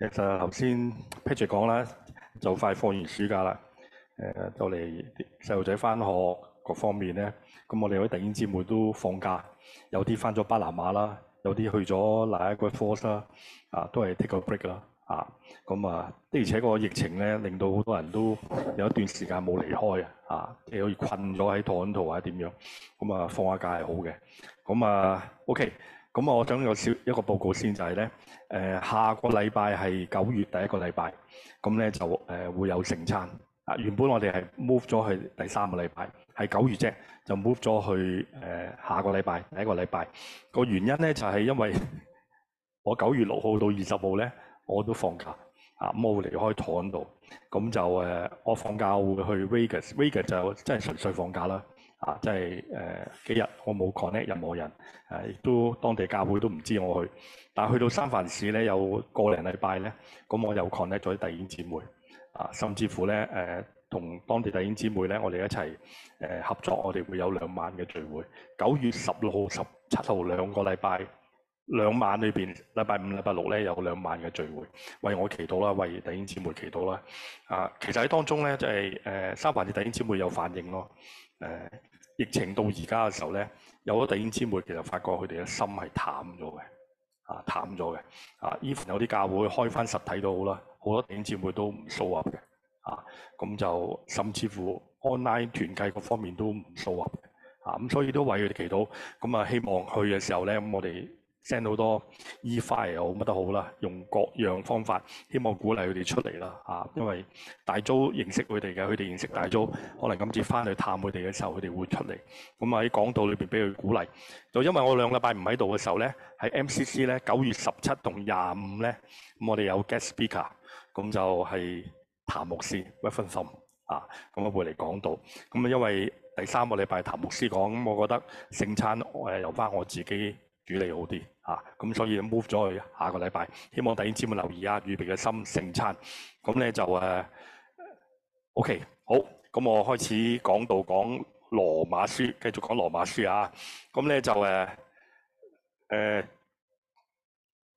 其實頭先 Patrick 講啦，就快放完暑假啦。誒就嚟細路仔翻學各方面咧，咁我哋啲弟兄姊妹都放假，有啲翻咗巴拿馬啦，有啲去咗 Niagara Falls 啦，啊都係 take a break 啦、啊。啊咁啊，的而且這個疫情咧，令到好多人都有一段時間冇離開啊，即係可以困咗喺台度或者點樣，咁啊放下假係好嘅。咁啊 OK。咁我想有少一個報告先，就是，就係咧，誒下個禮拜係九月第一個禮拜，咁咧就誒、呃、會有聖餐。啊，原本我哋係 move 咗去第三個禮拜，係九月啫，就 move 咗去誒、呃、下個禮拜第一個禮拜。個原因咧就係因為我九月六號到二十號咧我都放假啊，冇離開堂度。咁就誒、呃、我放假我會去 Vegas，Vegas Vegas 就真係純粹放假啦。啊！即係誒幾日我冇 connect 任何人，誒、啊、亦都當地教會都唔知我去。但係去到三藩市咧，有個零禮拜咧，咁我又 connect 咗啲弟兄姊妹。啊，甚至乎咧誒，同、呃、當地弟兄姊妹咧，我哋一齊誒、呃、合作，我哋會有兩晚嘅聚會。九月十六號、十七號兩個禮拜兩晚裏邊，禮拜五、禮拜六咧有兩晚嘅聚會，為我祈禱啦，為弟兄姊妹祈禱啦。啊，其實喺當中咧，就係、是、誒、呃、三藩市弟兄姊妹有反應咯，誒、啊。疫情到而家嘅時候呢，有咗弟兄姊妹，其實發覺佢哋嘅心係淡咗嘅，啊淡咗嘅，啊 even 有啲教會開返實體都好啦，好多弟兄姊妹都唔 show up 嘅，啊咁就甚至乎 online 團契各方面都唔 show up 嘅，啊咁所以都為佢哋祈禱，咁啊希望去嘅時候呢，咁我哋。send 好多 e f a i 又好乜都好啦，用各樣方法希望鼓勵佢哋出嚟啦。啊，因為大租認識佢哋嘅，佢哋認識大租，可能今次翻去探佢哋嘅時候，佢哋會出嚟。咁喺講道裏邊俾佢鼓勵。就因為我兩禮拜唔喺度嘅時候咧，喺 MCC 咧九月十七同廿五咧，咁我哋有 guest speaker，咁就係譚牧師 Wesleyan 啊，咁啊會嚟講道。咁啊，因為第三個禮拜譚牧師講，咁我覺得聖餐我係由翻我自己。處理好啲嚇，咁、啊、所以 move 咗佢。下個禮拜，希望大家姊妹留意啊，預備嘅心聖餐，咁咧就誒、啊、，OK，好，咁我開始講到講羅馬書，繼續講羅馬書啊，咁咧就誒誒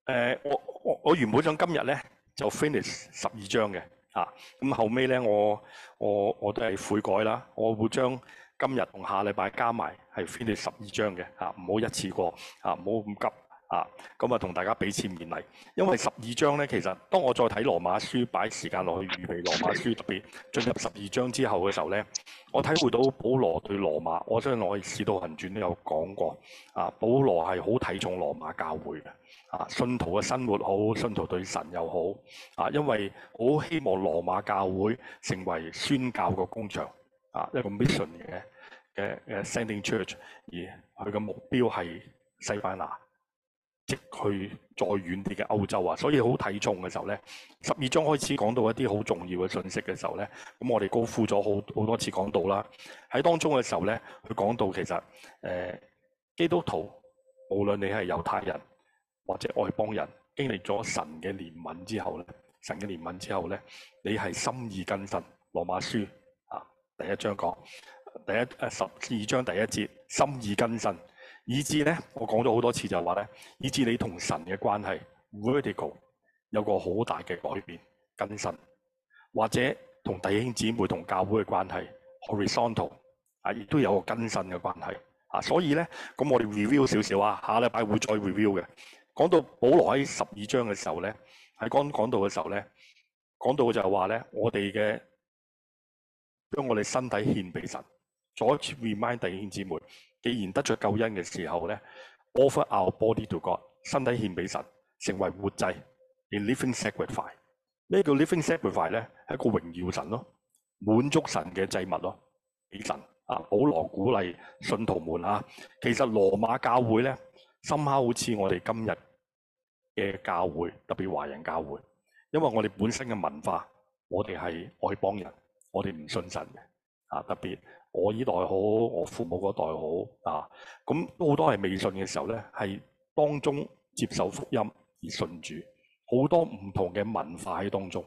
誒，我我，我原本想今日咧就 finish 十二章嘅嚇，咁、啊、後尾咧我我我都係悔改啦，我會將。今日同下禮拜加埋係 finish 十二章嘅嚇，唔、啊、好一次過嚇，唔好咁急嚇。咁啊，同、啊、大家彼此勉勵，因為十二章呢，其實當我再睇羅馬書，擺時間落去預備羅馬書，特別進入十二章之後嘅時候呢，我體會到保羅對羅馬，我相信我喺《使徒行傳》都有講過。啊，保羅係好睇重羅馬教會嘅。啊，信徒嘅生活好，信徒對神又好。啊，因為好希望羅馬教會成為宣教嘅工場。啊，一個 mission 嘅。嘅嘅 sending church，而佢嘅目標係西班牙，即佢再遠啲嘅歐洲啊。所以好睇重嘅時候咧，十二章開始講到一啲好重要嘅信息嘅時候咧，咁我哋高呼咗好好多次講到啦。喺當中嘅時候咧，佢講到其實誒，基督徒無論你係猶太人或者外邦人，經歷咗神嘅憐憫之後咧，神嘅憐憫之後咧，你係心意更新。羅馬書啊，第一章講。第一誒，十二章第一節，心意更新，以至咧，我講咗好多次就係話咧，以至你同神嘅關係 vertical 有個好大嘅改變，更新，或者同弟兄姊妹同教會嘅關係 horizontal 啊，亦都有個更新嘅關係啊。所以咧，咁我哋 review 少少啊，下禮拜會再 review 嘅。講到保羅喺十二章嘅時候咧，喺剛講到嘅時候咧，講到嘅就係話咧，我哋嘅將我哋身體獻俾神。再一次 remind 弟兄姊妹，既然得咗救恩嘅時候咧，offer our body to God，身體獻俾神，成為活祭，a living sacrifice。呢個叫 living sacrifice 咧係一個榮耀神咯，滿足神嘅祭物咯，俾神啊！保羅鼓勵信徒們啊，其實羅馬教會咧，深刻好似我哋今日嘅教會，特別華人教會，因為我哋本身嘅文化，我哋係愛幫人，我哋唔信神嘅啊，特別。我呢代好，我父母嗰代好啊，咁都好多係未信嘅時候咧，係當中接受福音而信主，好多唔同嘅文化喺當中，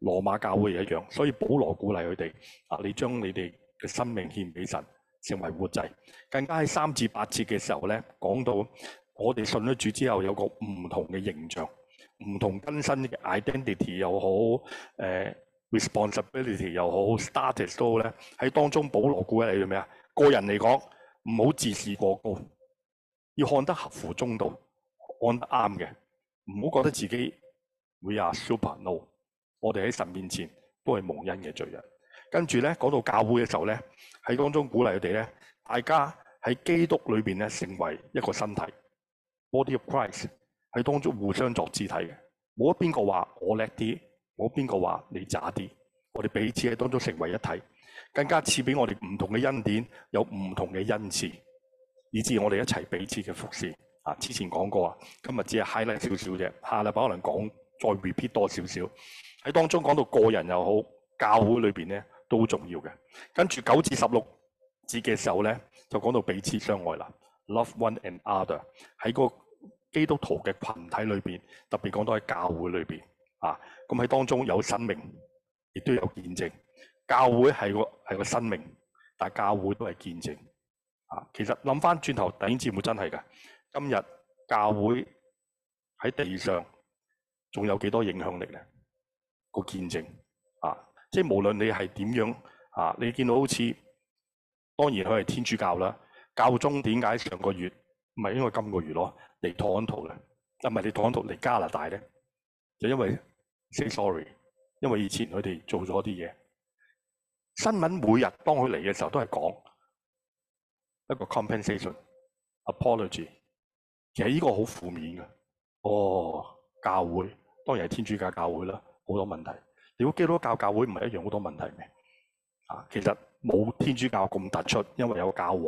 羅馬教會一樣，所以保羅鼓勵佢哋啊，你將你哋嘅生命獻俾神，成為活祭。更加喺三至八節嘅時候咧，講到我哋信咗主之後有個唔同嘅形象，唔同更新嘅 identity 又好，呃 responsibility 又好，status 都好咧喺當中。保羅鼓勵佢做咩啊？個人嚟講，唔好自視過高，要看得合乎中道，按啱嘅，唔好覺得自己 we are super no 我哋喺神面前都係蒙恩嘅罪人。跟住咧講到教會嘅時候咧，喺當中鼓勵佢哋咧，大家喺基督裏面咧成為一個身體，body of Christ，喺當中互相作肢體嘅，冇得邊個話我叻啲。冇邊個話你渣啲？我哋彼此喺當中成為一體，更加似俾我哋唔同嘅恩典，有唔同嘅恩賜，以至我哋一齊彼此嘅服侍。啊，之前講過啊，今日只係 highlight 少少啫，下禮拜可能講再 repeat 多少少。喺當中講到個人又好，教會裏邊咧都好重要嘅。跟住九至十六節嘅時候咧，就講到彼此相愛啦，love one and other。喺個基督徒嘅群體裏邊，特別講到喺教會裏邊。啊！咁喺當中有生命，亦都有見證。教會係個係個生命，但係教會都係見證。啊，其實諗翻轉頭，弟兄姊妹真係嘅，今日教會喺地上仲有幾多影響力咧？個見證啊，即係無論你係點樣啊，你見到好似當然佢係天主教啦。教宗點解上個月唔係應該今個月咯嚟多倫多度嘅？啊，唔係你多倫多度嚟加拿大咧，就因為 Say sorry，因為以前佢哋做咗啲嘢。新聞每日當佢嚟嘅時候都係講一個 compensation apology。其實呢個好負面㗎哦，教會當然係天主教教會啦，好多問題。如果基督教教會唔係一樣好多問題咩啊？其實冇天主教咁突出，因為有教皇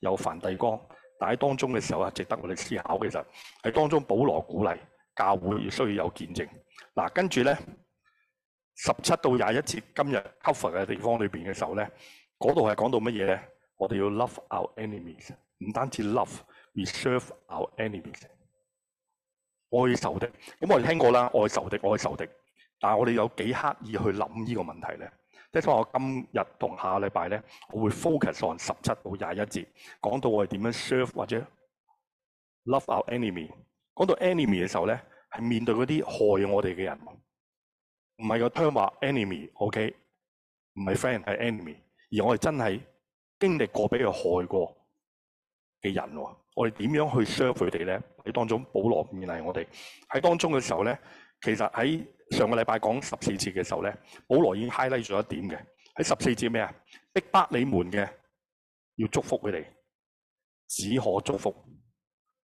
有梵蒂岡。但係當中嘅時候係，值得我哋思考。其實喺當中保羅，保羅鼓勵教會需要有見證。嗱，跟住咧，十七到廿一節今日 cover 嘅地方裏邊嘅時候咧，嗰度係講到乜嘢咧？我哋要 love our enemies，唔單止 love，we serve our enemies，愛仇敵。咁我哋聽過啦，愛仇敵，愛仇敵。但係我哋有幾刻意去諗呢個問題咧？即係當我今日同下禮拜咧，我會 focus on 十七到廿一節，講到我哋點樣 serve 或者 love our enemy。講到 enemy 嘅時候咧。係面對嗰啲害我哋嘅人，唔係個聽話 enemy，OK，okay? 唔係 friend 係 enemy，而我哋真係經歷過俾佢害過嘅人喎。我哋點樣去 serve 佢哋咧？喺當中，保羅勉勵我哋喺當中嘅時候咧，其實喺上個禮拜講十四節嘅時候咧，保羅已經 highlight 咗一點嘅喺十四節咩啊？逼迫你們嘅要祝福佢哋，只可祝福，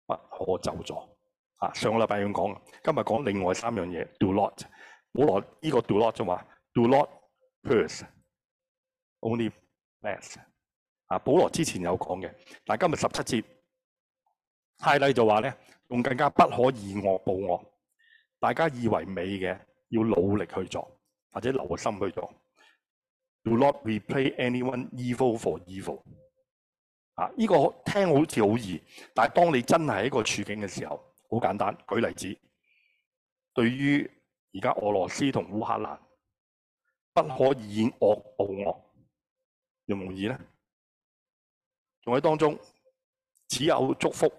不可咒詛。啊！上個禮拜講，今日講另外三樣嘢。Do not，保羅呢、這個 do not 就話 do not pursue only less。啊，保羅之前有講嘅，但今日十七節太麗就話咧，用更加不可以惡報惡，大家以為美嘅，要努力去做，或者留心去做。Do not repay anyone evil for evil。啊，呢個聽好似好易，但係當你真係喺個處境嘅時候。好簡單，舉例子，對於而家俄羅斯同烏克蘭，不可以惡報惡，容唔容易咧？用喺當中，只有祝福，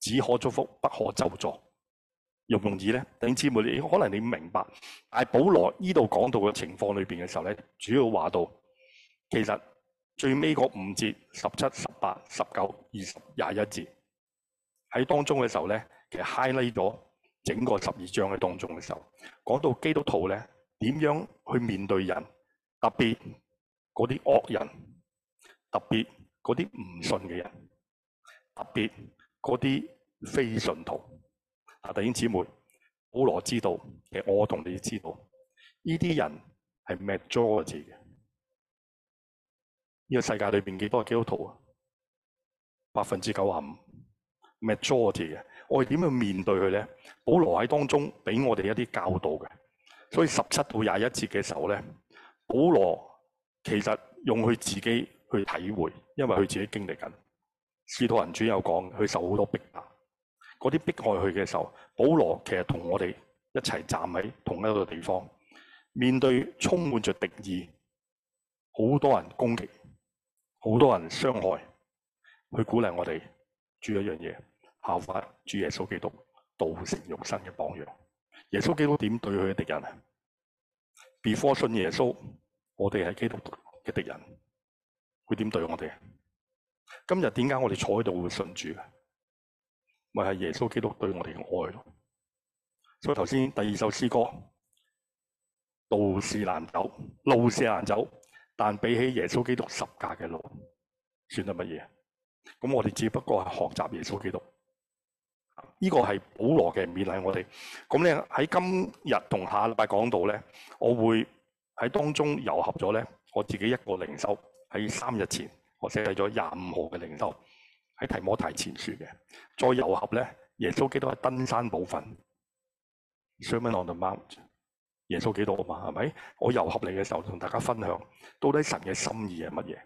只可祝福，不可咒詛，容唔容易咧？弟兄姊妹，你可能你明白，但係保羅呢度講到嘅情況裏邊嘅時候咧，主要話到其實最尾嗰五節，十七、十八、十九、二十、廿一節喺當中嘅時候咧。其實 highlight 咗整個十二章嘅當中嘅時候，講到基督徒咧點樣去面對人，特別嗰啲惡人，特別嗰啲唔信嘅人，特別嗰啲非信徒。啊，弟兄姊妹，保羅知道，其實我同你知道，呢啲人係 majority 嘅。呢、這個世界裏邊幾多基督徒啊？百分之九十五 majority 嘅。我哋點樣面對佢咧？保羅喺當中俾我哋一啲教導嘅，所以十七到廿一節嘅時候咧，保羅其實用佢自己去體會，因為佢自己經歷緊。使徒行傳有講，佢受好多迫壓，嗰啲迫害佢嘅時候，保羅其實同我哋一齊站喺同一個地方，面對充滿着敵意，好多人攻擊，好多人傷害，去鼓勵我哋做一樣嘢。效法主耶穌基督道成肉身嘅榜樣。耶穌基督點對佢嘅敵人啊？before 信耶穌，我哋係基督嘅敵人，佢點對我哋啊？今日點解我哋坐喺度會信主嘅？咪係耶穌基督對我哋嘅愛咯？所以頭先第二首詩歌，道是難走，路是難走，但比起耶穌基督十架嘅路，算得乜嘢？咁我哋只不過係學習耶穌基督。呢、這個係保羅嘅勉勵我哋。咁咧喺今日同下禮拜講到咧，我會喺當中糅合咗咧我自己一個靈修喺三日前，我寫曬咗廿五號嘅靈修喺提摩太前書嘅。再糅合咧，耶穌基督係登山寶訓。Sermon on the Mount，耶穌基督啊嘛，係咪？我糅合你嘅時候，同大家分享到底神嘅心意係乜嘢？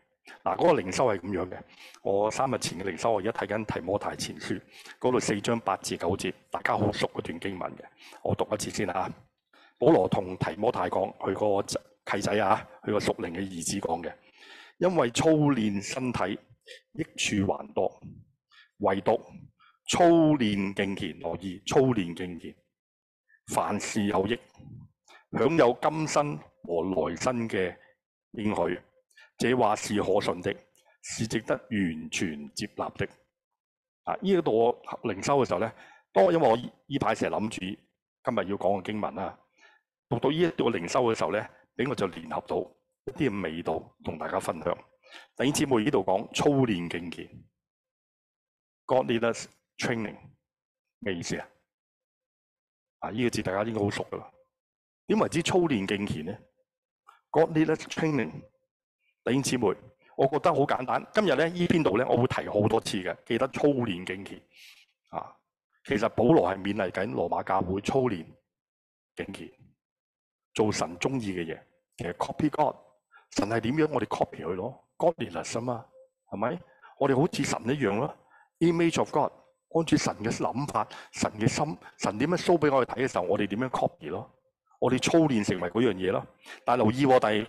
嗱、啊，嗰、那個靈修係咁樣嘅。我三日前嘅靈修，我而家睇緊提摩太前書嗰度四章八至九節，大家好熟嗰段經文嘅。我讀一次先啦、啊。保羅同提摩太講，佢個契仔啊，佢個屬靈嘅兒子講嘅，因為操練身體益處還多，唯獨操練敬虔，樂意操練敬虔，凡事有益，享有今生和來生嘅應許。這話是可信的，是值得完全接納的。啊，呢、這、一、個、度我靈修嘅時候咧，當因為我呢排成日諗住今日要講嘅經文啦，讀到呢一度靈修嘅時候呢，俾我、啊、我，我就聯合到一啲味道同大家分享。弟兄姊妹呢度講操練敬虔 Godliness training，咩意思啊？啊，呢、這個字大家應該好熟㗎喇。點為之操練敬虔呢 Godliness training。弟兄姊妹，我覺得好簡單。今日咧，依篇度咧，我會提好多次嘅。記得操練敬虔啊！其實保羅係勉勵緊羅馬教會操練敬虔，做神中意嘅嘢。其實 copy God，神係點樣，我哋 copy 佢咯。Godliness 啊嘛，係咪？我哋好似神一樣咯。Image of God，按照神嘅諗法、神嘅心、神點樣 show 俾我哋睇嘅時候，我哋點樣 copy 咯？我哋操練成為嗰樣嘢咯。但留意喎，第。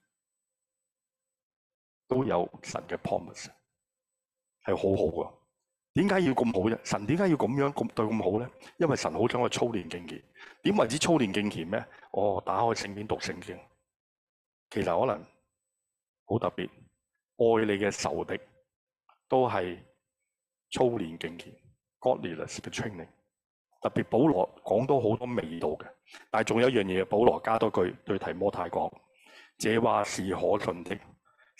都有神嘅 promise，係好好㗎。點解要咁好啫？神點解要咁樣咁對咁好咧？因為神好想我操練敬虔。點為之操練敬虔咩？我、哦、打開聖經讀聖經。其實可能好特別，愛你嘅仇敵都係操練敬虔，godliness 嘅 training。特別保羅講到好多味道嘅，但係仲有一樣嘢，保羅加多句對提摩太講：這話是可信的。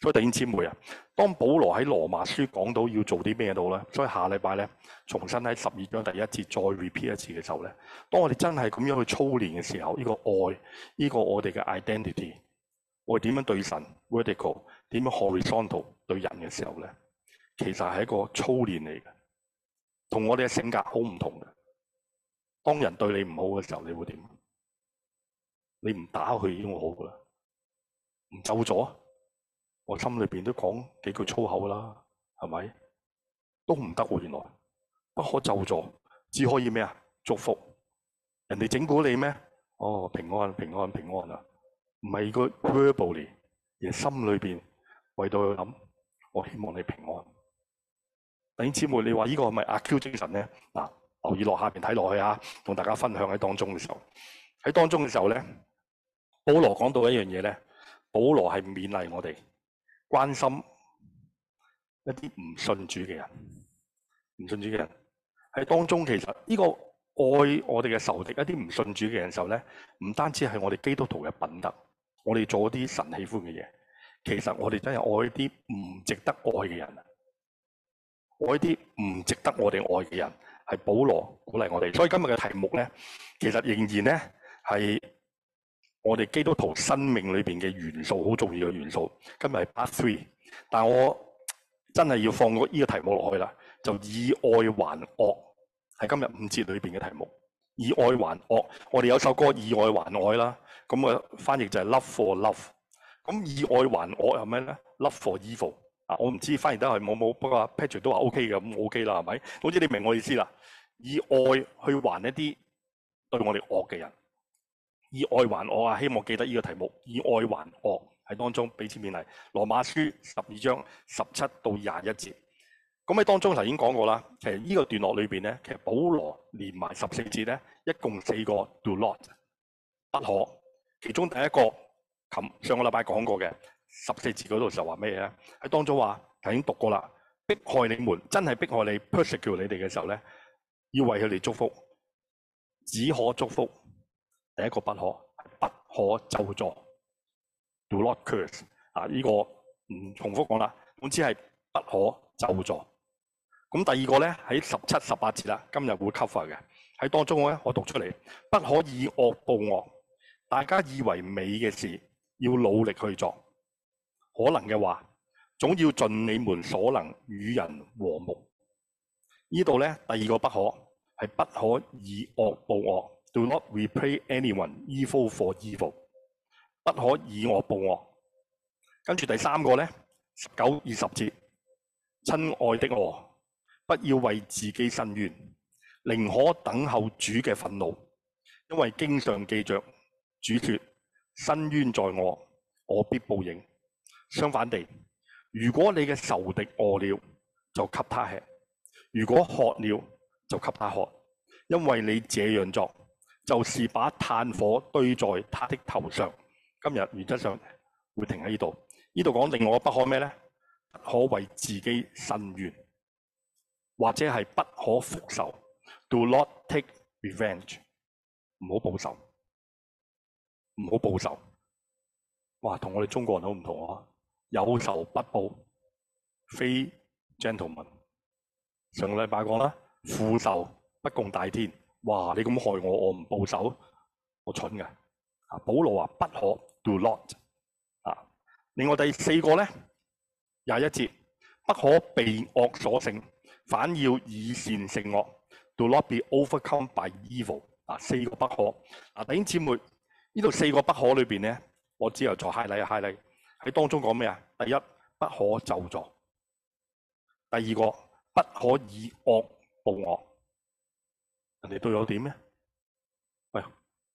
所以弟兄姊妹啊，當保羅喺羅馬書講到要做啲咩到咧？所以下禮拜咧，重新喺十二章第一節再 repeat 一次嘅時候咧，當我哋真係咁樣去操練嘅時候，呢個愛，呢個我哋嘅 identity，我哋點樣對神 vertical，點樣 horizontal 對人嘅時候咧，其實係一個操練嚟嘅，同我哋嘅性格好唔同嘅。當人對你唔好嘅時候，你會點？你唔打佢已經會好噶啦，唔就咗。我心裏邊都講幾句粗口啦，係咪？都唔得喎，原來不可咒詛，只可以咩啊？祝福人哋整蠱你咩？哦，平安，平安，平安啊！唔係個 verbally，而心裏邊為到諗，我希望你平安。弟兄姊妹，你話呢個係咪阿 Q 精神咧？嗱，留意落下邊睇落去啊，同大家分享喺當中嘅時候，喺當中嘅時候咧，保羅講到一樣嘢咧，保羅係勉勵我哋。關心一啲唔信主嘅人，唔信主嘅人喺當中，其實呢個愛我哋嘅仇敵，一啲唔信主嘅人嘅時候咧，唔單止係我哋基督徒嘅品德，我哋做一啲神喜歡嘅嘢，其實我哋真係愛啲唔值得愛嘅人，愛啲唔值得我哋愛嘅人。係保羅鼓勵我哋，所以今日嘅題目咧，其實仍然咧係。是我哋基督徒生命裏邊嘅元素好重要嘅元素，今日係 part three，但係我真係要放個呢個題目落去啦，就以愛還惡，係今日五節裏邊嘅題目。以愛還惡，我哋有首歌以愛還愛啦，咁個翻譯就係 love for love，咁以愛還惡係咩咧？love for evil 啊，我唔知翻譯得係冇冇，不過 Patrick 都話 OK 嘅，咁 OK 啦，係咪？好似你明我意思啦，以愛去還一啲對我哋惡嘅人。以愛還惡啊！希望記得依個題目。以愛還惡喺當中彼此勉勵。羅馬書十二章十七到廿一節。咁喺當中頭先講過啦。其實依個段落裏面呢，其實保羅連埋十四節咧，一共四個 do not，不可。其中第一個上個禮拜講過嘅十四節嗰度就話咩嘢咧？喺當中話頭先已經讀過啦。迫害你們真係迫害你 persecute 你哋嘅時候呢，要為佢哋祝福，只可祝福。第一個不可，不可咒詛，do not curse 啊！依、呢個唔重複講啦，總之係不可咒詛。咁第二個咧，喺十七、十八節啦，今日會 cover 嘅喺當中咧，我讀出嚟，不可以惡報惡。大家以為美嘅事，要努力去做。可能嘅話，總要盡你們所能與人和睦。呢度咧，第二個不可係不可以惡報惡。Do not repay anyone evil for evil，不可以惡報惡。跟住第三個咧，十九二十節，親愛的我，不要為自己申冤，寧可等候主嘅憤怒，因為經常記着，主説：申冤在我，我必報應。相反地，如果你嘅仇敵餓了，就給他吃；如果渴了，就給他喝，因為你這樣做。就是把炭火堆在他的頭上。今日原則上會停喺呢度。呢度講令我不可咩呢？不可為自己伸冤，或者是不可復仇。Do not take revenge。唔好報仇，唔好報仇。哇，同我哋中國人好唔同啊！有仇不報，非 gentlemen。上個禮拜講啦，復仇不共戴天。哇！你咁害我，我唔報仇，我蠢嘅。啊，保羅話不可 do not 啊。另外第四個咧廿一節，不可被惡所勝，反要以善勝惡。do not be overcome by evil。啊，四個不可。啊弟兄姊妹，呢度四個不可裏邊咧，我只有在 high 禮啊 high 禮喺當中講咩啊？第一不可咒詛。第二個不可以惡報惡。你對我點咧？喂、哎，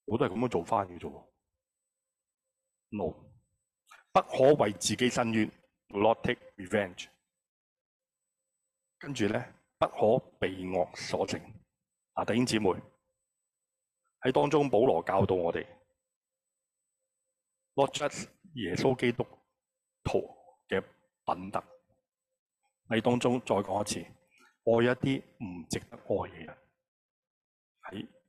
我都係咁樣做翻嘅啫。No，不可為自己伸冤，not take revenge。跟住咧，不可被惡所勝。啊，弟兄姊妹喺當中，保羅教導我哋，not just 耶穌基督徒嘅品德。喺當中再講一次，愛一啲唔值得愛嘅。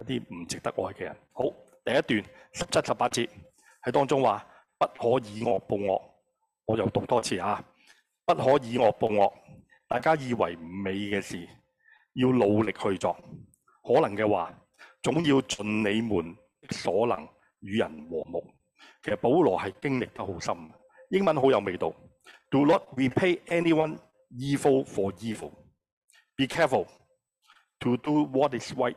一啲唔值得愛嘅人。好，第一段十七十八節喺當中話，不可以惡報惡。我又讀多次啊！不可以惡報惡。大家以為美嘅事，要努力去做。可能嘅話，總要盡你們所能與人和睦。其實保羅係經歷得好深。英文好有味道。Do not repay anyone evil for evil. Be careful to do what is right.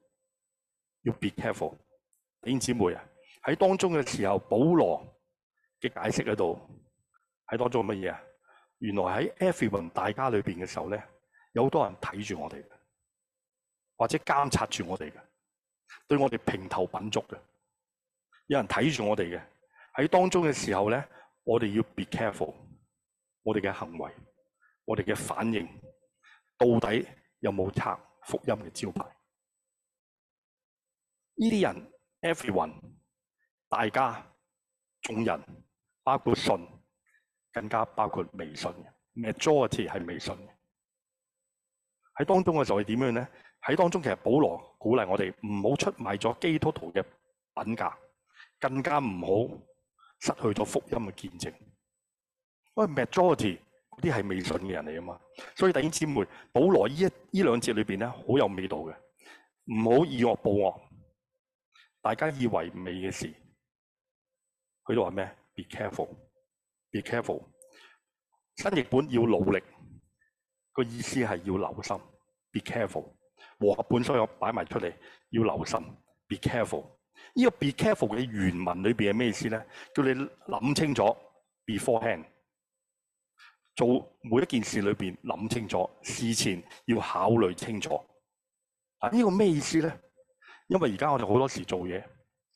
要 be careful，弟兄姊妹啊，喺當中嘅時候，保羅嘅解釋嗰度喺當中乜嘢啊？原來喺 everyone 大家裏邊嘅時候咧，有好多人睇住我哋嘅，或者監察住我哋嘅，對我哋評頭品足嘅，有人睇住我哋嘅。喺當中嘅時候咧，我哋要 be careful，我哋嘅行為，我哋嘅反應，到底有冇拆福音嘅招牌？呢啲人，everyone，大家，眾人，包括信，更加包括未信 majority 係未信嘅。喺當中嘅就係點樣呢？喺當中其實保羅鼓勵我哋唔好出賣咗基督徒嘅品格，更加唔好失去咗福音嘅見證。因為 majority 嗰啲係未信嘅人嚟啊嘛，所以弟兄姊妹，保羅呢一呢兩節裏邊咧，好有味道嘅，唔好以惡報惡。大家以為未嘅事，佢度話咩？Be careful, be careful。新譯本要努力，個意思係要留心。Be careful，和合本所有擺埋出嚟，要留心。Be careful，呢個 be careful 嘅原文裏邊係咩意思咧？叫你諗清楚。Beforehand，做每一件事裏邊諗清楚，事前要考慮清楚。啊，呢個咩意思咧？因為而家我哋好多時做嘢，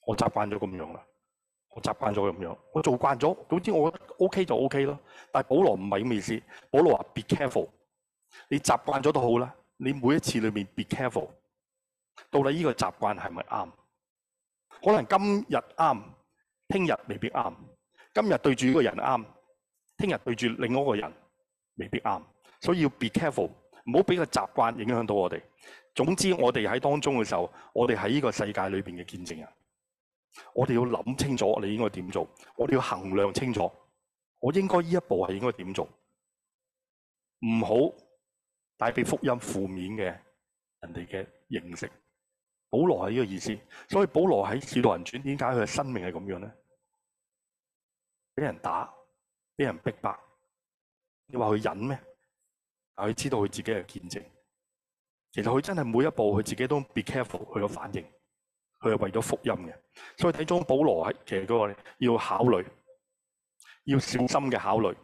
我習慣咗咁樣啦，我習慣咗咁樣，我做慣咗，總之我 OK 就 OK 咯。但係保羅唔係咁意思，保羅話 Be careful，你習慣咗都好啦，你每一次裏面 Be careful，到底呢個習慣係咪啱？可能今日啱，聽日未必啱。今日對住呢個人啱，聽日對住另外一個人未必啱，所以要 Be careful，唔好俾個習慣影響到我哋。總之，我哋喺當中嘅時候，我哋喺呢個世界裏邊嘅見證人，我哋要諗清楚你應該點做，我哋要衡量清楚，我應該呢一步係應該點做，唔好帶俾福音負面嘅人哋嘅認識。保羅係呢個意思，所以保羅喺使徒行傳點解佢嘅生命係咁樣咧？俾人打，俾人逼迫，你話佢忍咩？佢知道佢自己係見證。其實佢真係每一步佢自己都 be careful，佢嘅反應，佢係為咗福音嘅。所以睇中保羅喺其實嗰個咧，要考慮，要小心嘅考慮，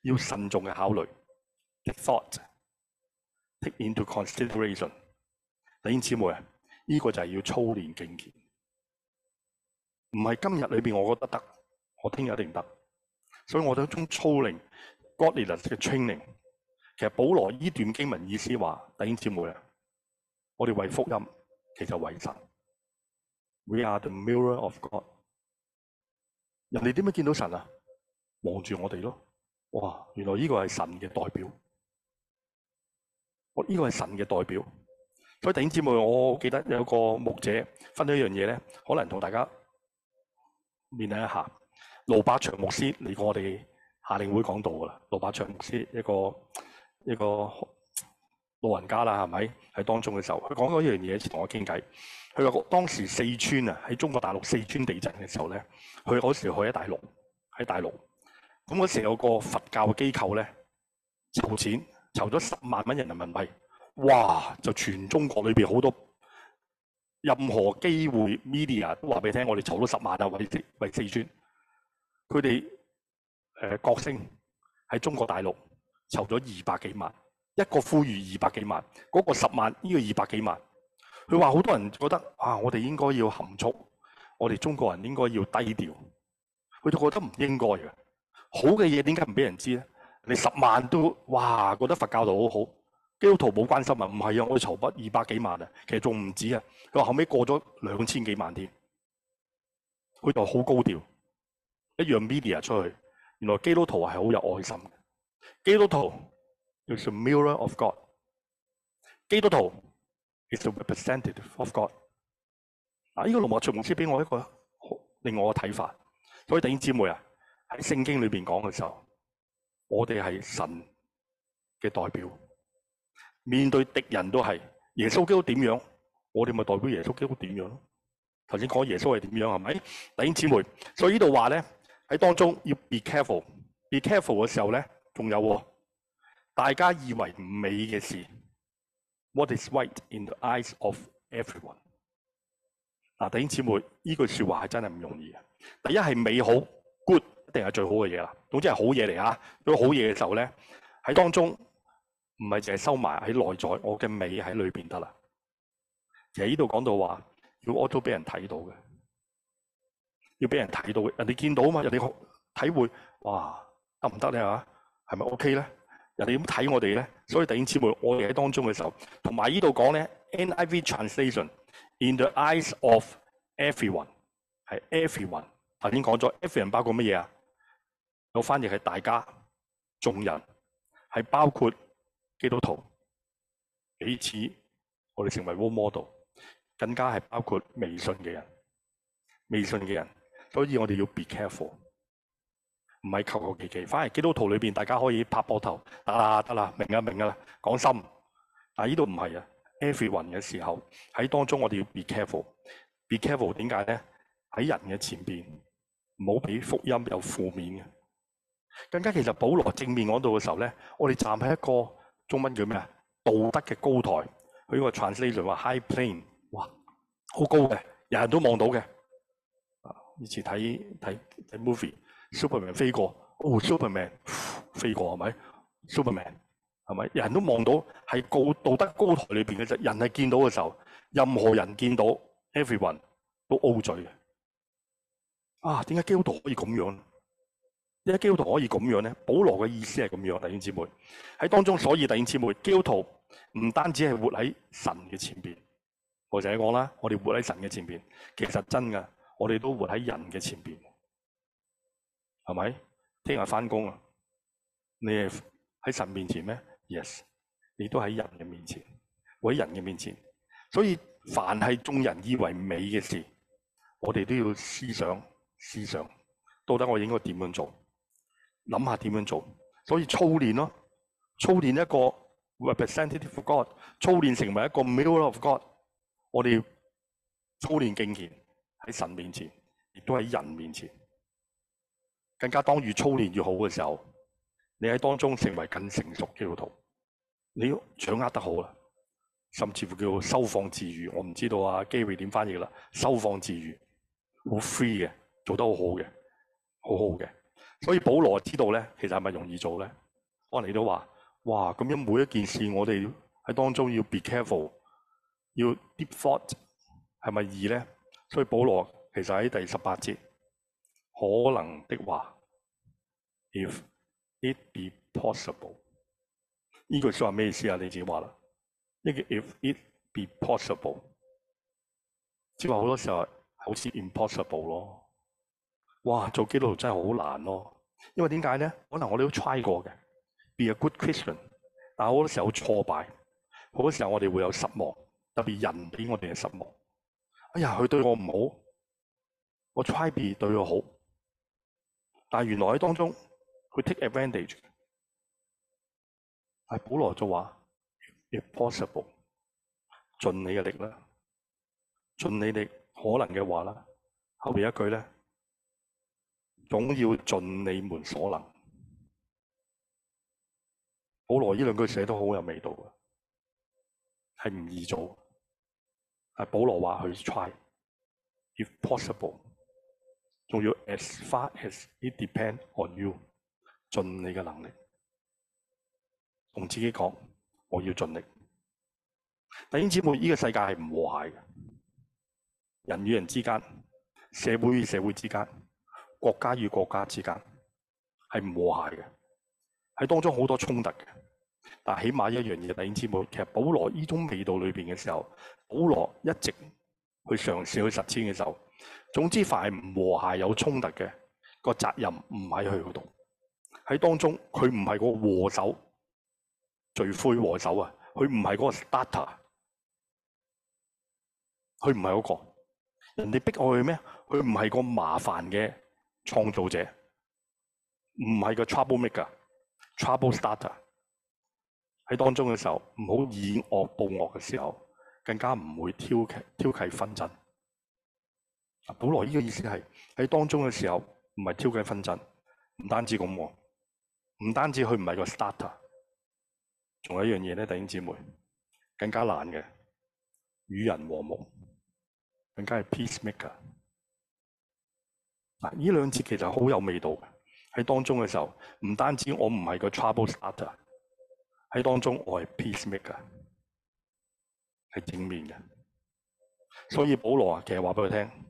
要慎重嘅考慮。Think thought，take into consideration。弟兄姊妹啊，呢、這個就係要操練敬虔，唔係今日裏面我覺得得，我聽日一定得。所以我覺得一種操練 godliness 嘅 training。其實保羅依段經文意思話，弟兄姊妹，我哋為福音，其實為神。We are the mirror of God。人哋點樣見到神啊？望住我哋咯。哇，原來依個係神嘅代表。我依、這個係神嘅代表。所以弟兄姊妹，我記得有個牧者分享一樣嘢咧，可能同大家勉勵一下。羅伯長牧師嚟過、這個、我哋夏令會講道噶啦。羅伯長牧師一個。一個老人家啦，係咪喺當中嘅時候？佢講咗一樣嘢，同我傾偈。佢話當時四川啊，喺中國大陸四川地震嘅時候咧，佢嗰時去咗大陸，喺大陸。咁嗰時有個佛教嘅機構咧，籌錢籌咗十萬蚊人民幣，哇！就全中國裏邊好多任何機會，media 都話俾你聽，我哋籌咗十萬啊，為之為四川。佢哋誒，國星喺中國大陸。籌咗二百幾萬，一個呼籲二百幾萬，嗰個十萬呢個二百幾萬，佢話好多人覺得啊，我哋應該要含蓄，我哋中國人應該要低調，佢就覺得唔應該嘅，好嘅嘢，點解唔俾人知咧？你十萬都哇，覺得佛教徒好好，基督徒冇關心啊，唔係啊，我哋籌筆二百幾萬啊，其實仲唔止啊，佢話後尾過咗兩千幾萬添，佢就好高調，一樣 media 出去，原來基督徒係好有愛心嘅。基督徒，is a mirror of God。基督徒 is a representative of God。啊，呢、這個龍摩卓牧師俾我一個令我嘅睇法。所以弟兄姊妹啊，喺聖經裏邊講嘅時候，我哋係神嘅代表，面對敵人都係耶穌基督點樣，我哋咪代表耶穌基督點樣咯。頭先講耶穌係點樣係咪？弟兄姊妹，所以這呢度話咧喺當中要 be careful，be careful 嘅時候咧。仲有喎，大家以為美嘅事，What is right in the eyes of everyone？嗱、啊，弟兄姊妹，呢句説話係真係唔容易嘅。第一係美好 good，一定係最好嘅嘢啦，總之係好嘢嚟啊。如果好嘢嘅時候咧，喺當中唔係淨係收埋喺內在，我嘅美喺裏邊得啦。其實呢度講到話，如果我都俾人睇到嘅，要俾人睇到嘅，人哋見到啊嘛，人哋會體會，哇，得唔得咧嚇？係咪 OK 咧？人哋點睇我哋咧？所以弟兄姊妹，我哋喺當中嘅時候，同埋依度講咧，NIV translation in the eyes of everyone 係 everyone。頭先講咗 everyone 包括乜嘢啊？有翻譯係大家、眾人，係包括基督徒彼此，我哋成為 role model，更加係包括未信嘅人、未信嘅人，所以我哋要 be careful。唔係求求其其，反而基督徒裏邊大家可以拍膊頭，得啦得啦，明啦明啦。講心。嗱，呢度唔係啊。Everyone 嘅時候喺當中，我哋要 be careful，be careful, be careful。點解咧？喺人嘅前邊，唔好俾福音有負面嘅。更加其實保羅正面嗰度嘅時候咧，我哋站喺一個中文叫咩啊？道德嘅高台，佢個 translation 話 high plane，哇，好高嘅，人人都望到嘅。啊，以前睇睇睇 movie。Superman 飛過，哦，oh，Superman 飛過係咪？Superman 係咪？人都望到喺高道德高台裏邊嘅人係見到嘅時候，任何人見到，everyone 都 o 嘴嘅。啊，點解基督徒可以咁樣？點解基督徒可以咁樣咧？保羅嘅意思係咁樣，弟兄姊妹喺當中。所以，弟兄姊妹，基督徒唔單止係活喺神嘅前邊，或者講啦，我哋活喺神嘅前邊，其實真嘅，我哋都活喺人嘅前邊。係咪？聽日返工啊？你係喺神面前咩？Yes，你都喺人嘅面前，我喺人嘅面前。所以凡係眾人以為美嘅事，我哋都要思想，思想到底我應該點樣做，諗下點樣做。所以操練咯，操練一個 representative of God，操練成為一個 mirror of God。我哋要操練敬虔喺神面前，亦都喺人面前。更加當越操練越好嘅時候，你喺當中成為更成熟基督徒，你要掌握得好了，甚至乎叫收放自如，我唔知道啊，基偉點翻譯啦，收放自如，好 free 嘅，做得好好嘅，好好嘅，好好嘅。所以保羅知道呢，其實係咪容易做呢？可能你都說哇，這樣每一件事我哋喺當中要 be careful，要 deep thought，係咪易呢？」所以保羅其實喺第十八節。可能的話 if it be possible，呢句說話咩意思啊？你自己話啦，呢句 if it be possible，即係話好多時候好似 impossible 咯。哇，做基督徒真係好難咯。因為點解咧？可能我哋都 try 過嘅，be a good Christian，但係好多時候好挫敗，好多時候我哋會有失望，特別人俾我哋嘅失望。哎呀，佢對我唔好，我 try be 對佢好。但係原來喺當中，佢 take advantage。係保羅就話：If possible，盡你嘅力啦，盡你哋可能嘅話啦。後邊一句咧，總要盡你們所能。保羅呢兩句寫得好有味道啊，係唔易做。係保羅話去 try，If possible。仲要 as far as it depends on you，盡你嘅能力，同自己講，我要盡力。弟兄姊妹，呢個世界係唔和諧嘅，人與人之間、社會與社會之間、國家與國家之間，係唔和諧嘅，喺當中好多衝突嘅。但起碼一樣嘢，弟兄姊妹，其實保羅依種味道裏邊嘅時候，保羅一直去嘗試去實踐嘅時候。總之凡是不，凡係唔和諧有衝突嘅，個責任唔喺佢嗰度。喺當中，佢唔係個禍首，罪魁禍首啊！佢唔係嗰個 starter，佢唔係嗰個。人哋逼我去咩？佢唔係個麻煩嘅創造者，唔係個 trouble maker，trouble starter。喺當中嘅時候，唔好以惡報惡嘅時候，更加唔會挑起挑起紛爭。保羅依個意思係喺當中嘅時候唔係挑起紛爭，唔單止咁喎，唔單止佢唔係個 starter，仲有一樣嘢咧，弟兄姊妹更加難嘅與人和睦，更加係 peacemaker。啊，呢兩節其實好有味道嘅，喺當中嘅時候唔單止我唔係個 trouble starter，喺當中我係 peacemaker，係正面嘅。所以保羅啊，其實話俾佢聽。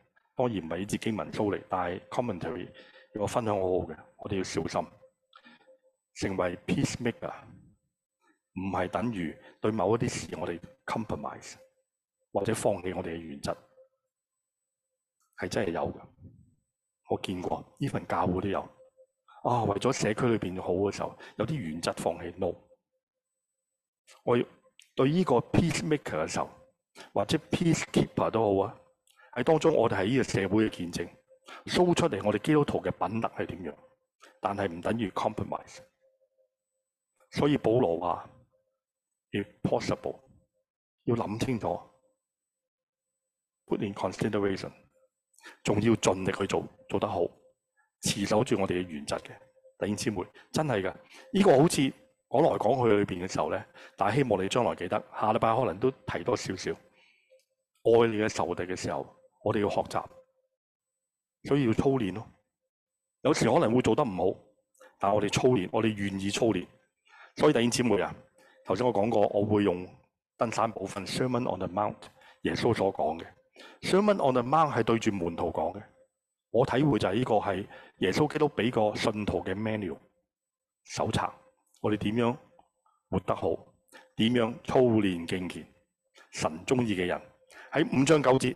當然唔係呢支經文書嚟，但係 commentary 如果分享很好好嘅，我哋要小心。成為 peace maker 唔係等於對某一啲事我哋 compromise 或者放棄我哋嘅原則，係真係有嘅。我見過，呢份教會都有啊、哦。為咗社區裏面好嘅時候，有啲原則放棄。No，我要對呢個 peace maker 嘅時候，或者 peace keeper 都好啊。喺當中，我哋喺呢個社會嘅見證，show 出嚟我哋基督徒嘅品德係點樣，但係唔等於 compromise。所以保羅話：if possible，要諗清楚，put in consideration，仲要盡力去做，做得好，持守住我哋嘅原則嘅。弟兄姊妹，真係嘅，呢個好似講來講去裏面嘅時候咧，但係希望你將來記得，下禮拜可能都提多少少，愛你嘅仇敵嘅時候。我哋要學習，所以要操練咯。有時可能會做得唔好，但我哋操練，我哋願意操練。所以弟兄姊妹啊，頭先我講過，我會用登山寶訓 （Sermon on the Mount） 耶穌所講嘅。Sermon on the Mount 係對住門徒講嘅。我體會就係呢個係耶穌基督俾個信徒嘅 manual 手冊，我哋點樣活得好，點樣操練敬虔，神中意嘅人喺五章九節。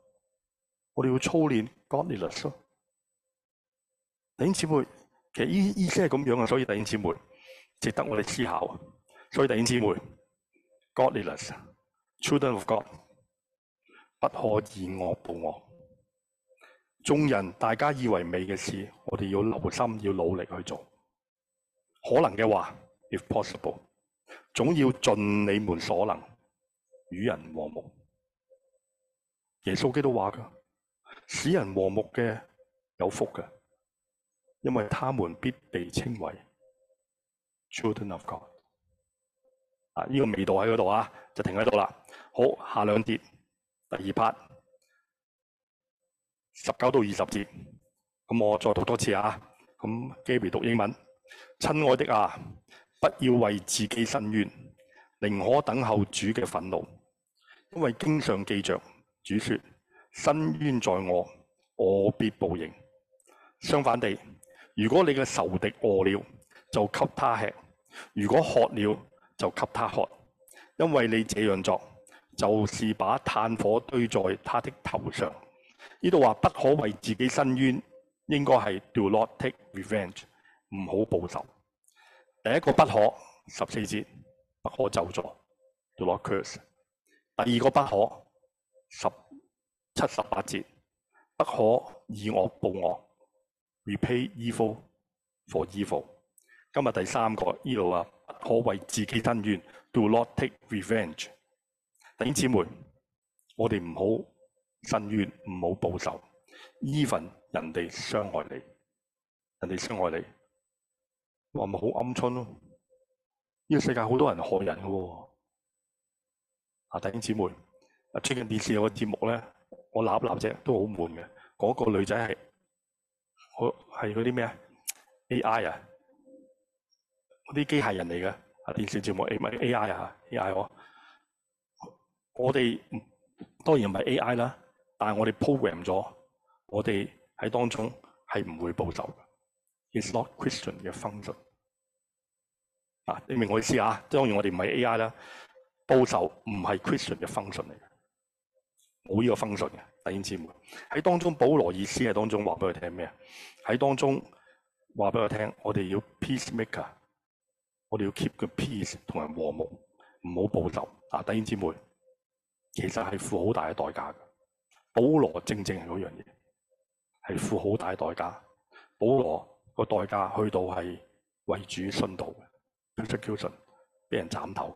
我哋要操練 Godliness，弟兄姊妹，其實意思係咁樣嘅，所以弟兄姊妹值得我哋思考啊。所以弟兄姊妹，Godliness，children of God，不可以惡報惡。眾人大家以為美嘅事，我哋要留心，要努力去做。可能嘅話，if possible，總要盡你們所能與人和睦。耶穌基督話噶。使人和睦嘅，有福嘅，因為他們必被稱為 children of God。啊，呢個味道喺嗰度啊，就停喺度啦。好，下兩節，第二 part，十九到二十節，咁我再讀多次啊。咁 Gabby 讀英文，親愛的啊，不要為自己申冤，寧可等候主嘅憤怒，因為經常記着主說。伸冤在我，我必報應。相反地，如果你嘅仇敵餓了，就給他吃；如果渴了，就給他喝。因為你這樣做，就是把炭火堆在他的頭上。呢度話不可為自己伸冤，應該係 Do not take revenge，唔好報仇。第一個不可十四節，不可咒詛，Do not curse。第二個不可十。七十八節，不可以惡報惡 repay evil for evil。今日第三個呢度話，不可為自己伸冤，do not take revenge。弟兄姊妹，我哋唔好伸冤，唔好報仇。even 人哋傷害你，人哋傷害你，話咪好鵪鶉咯。呢、這個世界好多人害人嘅喎。啊，弟兄姊妹，最近電視有個節目咧。我揦揦啫，都好悶嘅。嗰、嗰個女仔係，我係嗰啲咩 AI 啊，嗰啲機械人嚟嘅。電視節目 AI 啊，AI 我、啊，我哋當然唔係 AI 啦、啊，但係我哋 program 咗，我哋喺當中係唔會報仇嘅。It's not Christian 嘅 function。啊，你明我意思啊？當然我哋唔係 AI 啦、啊，報仇唔係 Christian 嘅 function 嚟。冇呢個封信嘅弟兄姊妹，喺當中保羅意思喺當中話俾佢聽咩？喺當中話俾佢聽，我哋要 peace maker，我哋要 keep 個 peace 同埋和睦，唔好報仇。啊，弟兄姊妹，其實係付好大嘅代、代價。保羅正正係嗰樣嘢，係付好大代價。保羅個代價去到係為主殉道，persecution 俾人斬頭。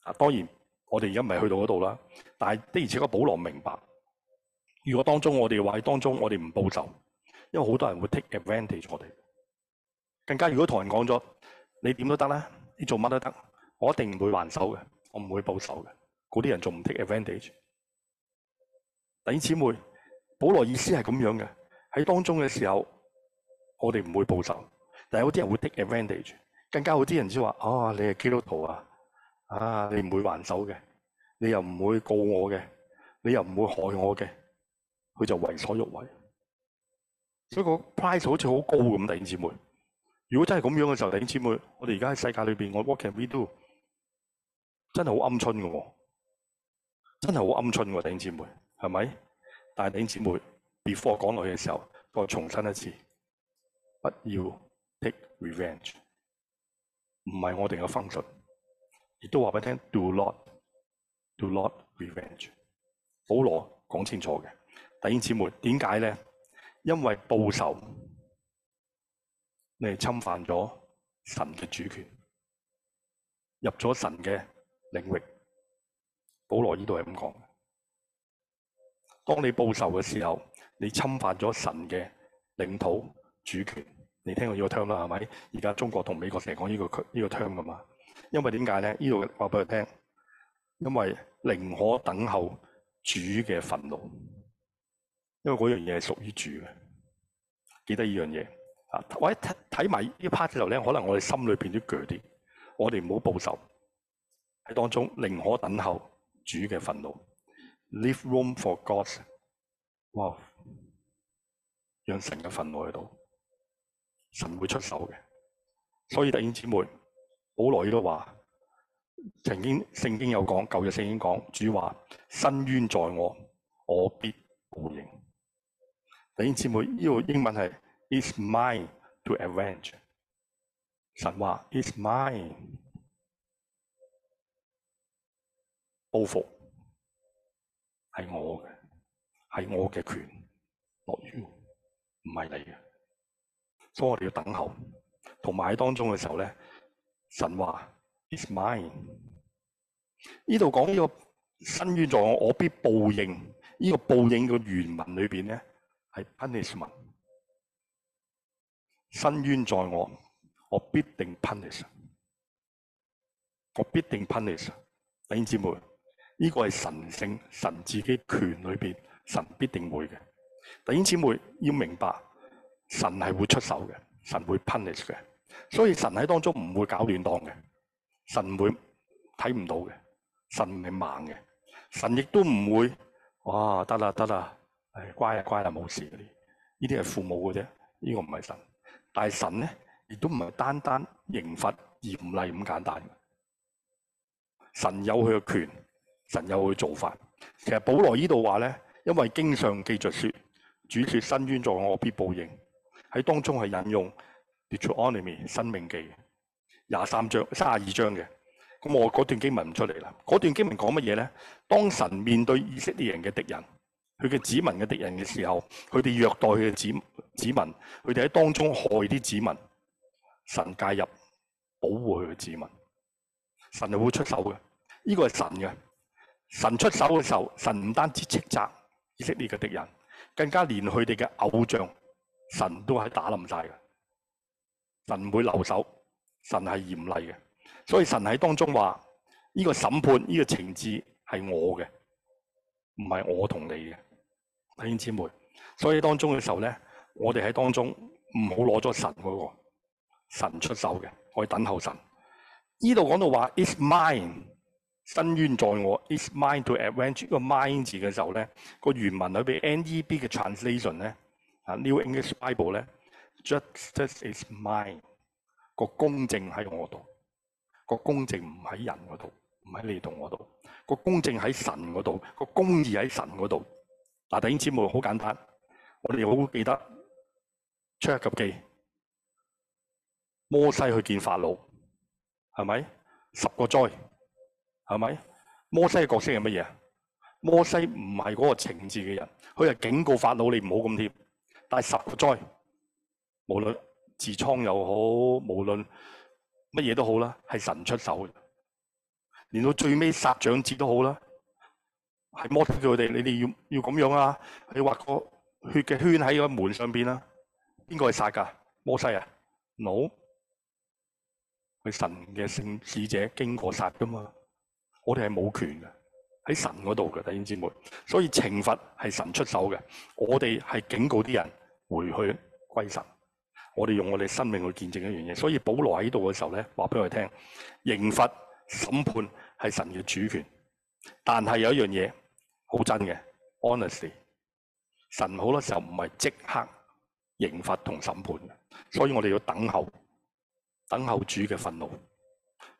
啊，當然。我哋而家唔係去到嗰度啦，但係的而且確，保羅明白，如果當中我哋話當中我哋唔報仇，因為好多人會 take advantage 我哋。更加如果同人講咗你點都得啦，你做乜都得，我一定唔會還手嘅，我唔會報仇嘅。嗰啲人仲唔 take advantage。弟兄姊妹，保羅意思係咁樣嘅，喺當中嘅時候，我哋唔會報仇，但係有啲人會 take advantage。更加有啲人就話：哦，你係基督徒啊！啊！你唔會還手嘅，你又唔會告我嘅，你又唔會害我嘅，佢就為所欲為。所以個 price 好似好高咁，弟兄姊妹。如果真係咁樣嘅時候，弟兄姊妹，我哋而家喺世界裏面，What can we do 真係好鵪鶉喎，真係好鵪鶉㗎，弟兄姊妹，係咪？但係弟兄姊妹，before 講落去嘅時候，再重新一次，不要 take revenge，唔係我哋嘅方法亦都話畀你聽，do not，do not revenge。保羅講清楚嘅，弟兄姊妹，點解咧？因為報仇，你係侵犯咗神嘅主權，入咗神嘅領域。保羅呢度係咁講，當你報仇嘅時候，你侵犯咗神嘅領土主權。你聽過呢個 term 啦，係咪？而家中國同美國成日講呢個呢、呢個 term 噶嘛？因為點解咧？呢度話俾佢聽，因為寧可等候主嘅憤怒，因為嗰樣嘢係屬於主嘅。記得呢樣嘢啊！我一睇睇埋呢 part 嘅時候咧，可能我哋心裏面都鋸啲，我哋唔好報仇喺當中，寧可等候主嘅憤怒。Leave room for God，哇！讓神嘅憤怒喺度，神會出手嘅。所以弟兄姊妹。保羅都話：曾經聖經有講，舊約聖經講，主話：伸冤在我，我必報應。弟兄姊妹，呢個英文是 It's mine to avenge。神話：It's mine，報復是我的是我的權，落於唔係你嘅。所以我們要等候，同埋喺當中的時候呢神話，It's mine，這個。呢度講呢個伸冤在我，我必報應。呢、這個報應嘅原文裏面呢，係 punishment。伸冤在我，我必定 punish。我必定 punish。弟兄姊妹，呢、這個係神性神自己權裏面，神必定會嘅。弟兄姊妹要明白，神係會出手嘅，神會 punish 嘅。所以神喺當中唔會搞亂當嘅，神唔會睇唔到嘅，神唔係盲嘅，神亦都唔會，哇得啦得啦，誒乖啊乖啊冇事嗰啲，依啲係父母嘅啫，呢個唔係神，但係神呢，亦都唔係單單刑罰嚴厲咁簡單嘅。神有佢嘅權，神有佢做法。其實保羅呢度話呢，因為經上記著說主説：伸冤在我，我必報應。喺當中係引用。《列祖安》裏面《申命記》廿三章三十二章嘅，咁我嗰段經文唔出嚟啦。嗰段經文講乜嘢咧？當神面對以色列人嘅敵人，佢嘅子民嘅敵人嘅時候，佢哋虐待佢嘅子子民，佢哋喺當中害啲子民，神介入保護佢嘅子民，神係會出手嘅。呢個係神嘅，神出手嘅時候，神唔單止斥責以色列嘅敵人，更加連佢哋嘅偶像神都係打冧晒嘅。神唔會留守，神係嚴厲嘅，所以神喺當中話：呢、這個審判、呢、這個懲治係我嘅，唔係我同你嘅，弟兄姊妹。所以當中嘅時候咧，我哋喺當中唔好攞咗神嗰、那個神出手嘅，我哋等候神。呢度講到話 is mine，伸冤在我，is mine to avenge、這個。個 mine 字嘅時候咧，個原文裏面《N E B》嘅 translation 咧，《New English Bible》咧。Justice is mine。個公正喺我度，個公正唔喺人嗰度，唔喺你同我度，個公正喺神嗰度，個公義喺神嗰度。嗱，弟兄姊妹好簡單，我哋好記得出埃及記，摩西去見法老，係咪十個災？係咪？摩西嘅角色係乜嘢？摩西唔係嗰個情節嘅人，佢係警告法老你唔好咁貼，但係十個災。無論痔瘡又好，無論乜嘢都好啦，係神出手的。連到最尾殺長子都好啦，係摩西叫佢哋：你哋要要咁樣啦，要畫、啊、個血嘅圈喺個門上邊啦、啊。邊個去殺㗎？摩西啊，冇、no? 係神嘅聖使者經過殺㗎嘛。我哋係冇權嘅，喺神嗰度嘅，弟兄姊妹，所以懲罰係神出手嘅。我哋係警告啲人回去歸神。我哋用我哋生命去見證一樣嘢，所以保羅喺度嘅時候咧，話俾我哋聽，刑罰審判係神嘅主權，但係有一樣嘢好真嘅，安德士， Honestly, 神好多時候唔係即刻刑罰同審判，所以我哋要等候，等候主嘅憤怒，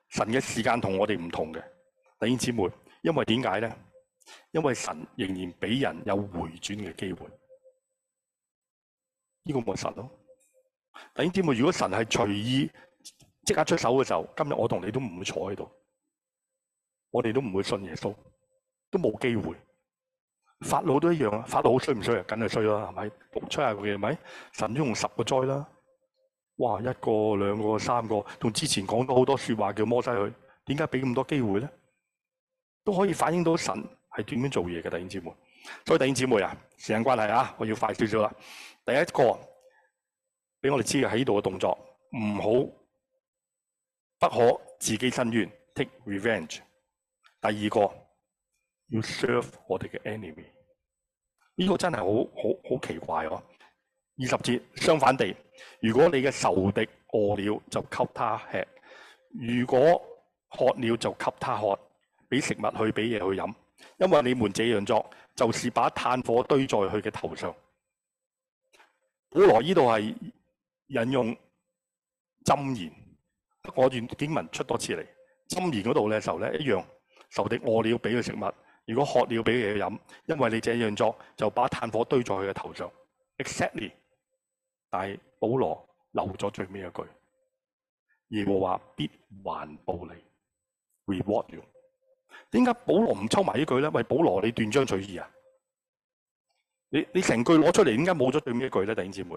神嘅時間和我們不同，我哋唔同嘅，弟兄姊妹，因為點解呢？因為神仍然俾人有回轉嘅機會，呢、這個咪神咯。弟兄姊妹，如果神係隨意即刻出手嘅時候，今日我同你都唔會坐喺度，我哋都唔會信耶穌，都冇機會。法老都一樣啊，法老好衰唔衰啊？梗係衰啦，係咪？衰下佢，係咪？神都用十個災啦，哇，一個、兩個、三個，同之前講咗好多說話叫摩西去，點解俾咁多機會咧？都可以反映到神係點樣做嘢嘅，弟兄姊妹。所以弟兄姊妹啊，時間關係啊，我要快少少啦。第一個。俾我哋知喺度嘅動作，唔好不可自己伸冤 take revenge。第二個要 serve 我哋嘅 enemy。呢個真係好好好奇怪哦！二十節相反地，如果你嘅仇敵餓了，就給他吃；如果渴了，就給他喝，俾食物去，俾嘢去飲。因為你們這樣做，就是把炭火堆在佢嘅頭上。保羅呢度係。引用箴言，我願經文出多次嚟。箴言嗰度嘅時候咧一樣，仇敵餓了俾佢食物，如果渴了俾佢飲，因為你這樣作，就把炭火堆在佢嘅頭上。Exactly，但係保羅留咗最尾一句，耶和華必還報你。Reward you。點解保羅唔抽埋呢句咧？喂，保羅你斷章取義啊？你你成句攞出嚟，點解冇咗最尾一句咧？弟兄姊妹？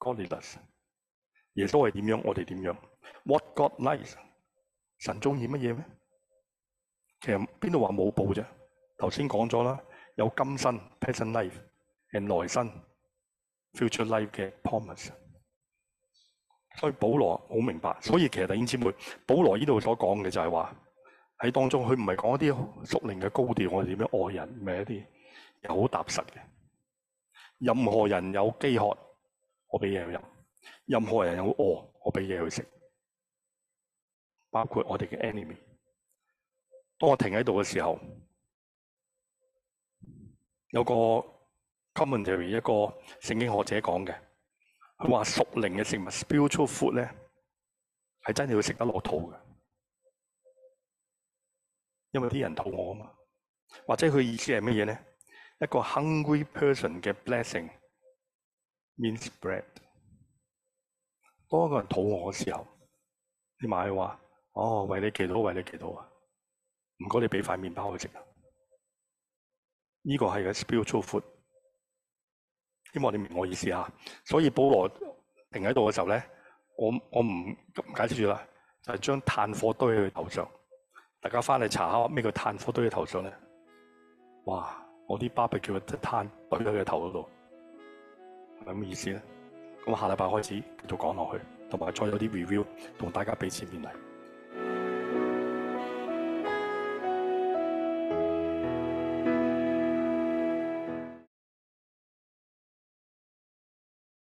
Godly life 耶穌係點樣，我哋點樣？What God likes，、nice? 神中意乜嘢咩？其實邊度話冇報啫？頭先講咗啦，有今生 present life） 和來生 （future life） 嘅 promise。所以保羅好明白，所以其實弟兄姊妹，保羅呢度所講嘅就係話喺當中，佢唔係講一啲俗靈嘅高調我哋點樣愛人，唔係一啲好踏實嘅。任何人有飢渴，我俾嘢佢飲，任何人有餓，我俾嘢佢食，包括我哋嘅 enemy。當我停喺度嘅時候，有個 commentary 一個聖經學者講嘅，佢話屬靈嘅食物 spiritual food 咧，係真係會食得落肚嘅，因為啲人肚餓啊嘛。或者佢意思係乜嘢咧？一個 hungry person 嘅 blessing。means bread。當一個人肚餓嘅時候，你咪話哦，為你祈禱，為你祈禱啊！唔該，你俾塊麵包佢食啊！呢個係個 spiritual food。希望你明我意思吓。所以保羅停喺度嘅時候咧，我我唔解釋住啦，就係、是、將炭火堆喺佢頭上。大家翻嚟查下咩叫炭火堆喺頭上咧？哇！我啲 barbecue 個炭堆喺佢頭度。係咩意思呢？咁我下禮拜開始繼續講落去，同埋再有啲 review，同大家俾啲勉勵。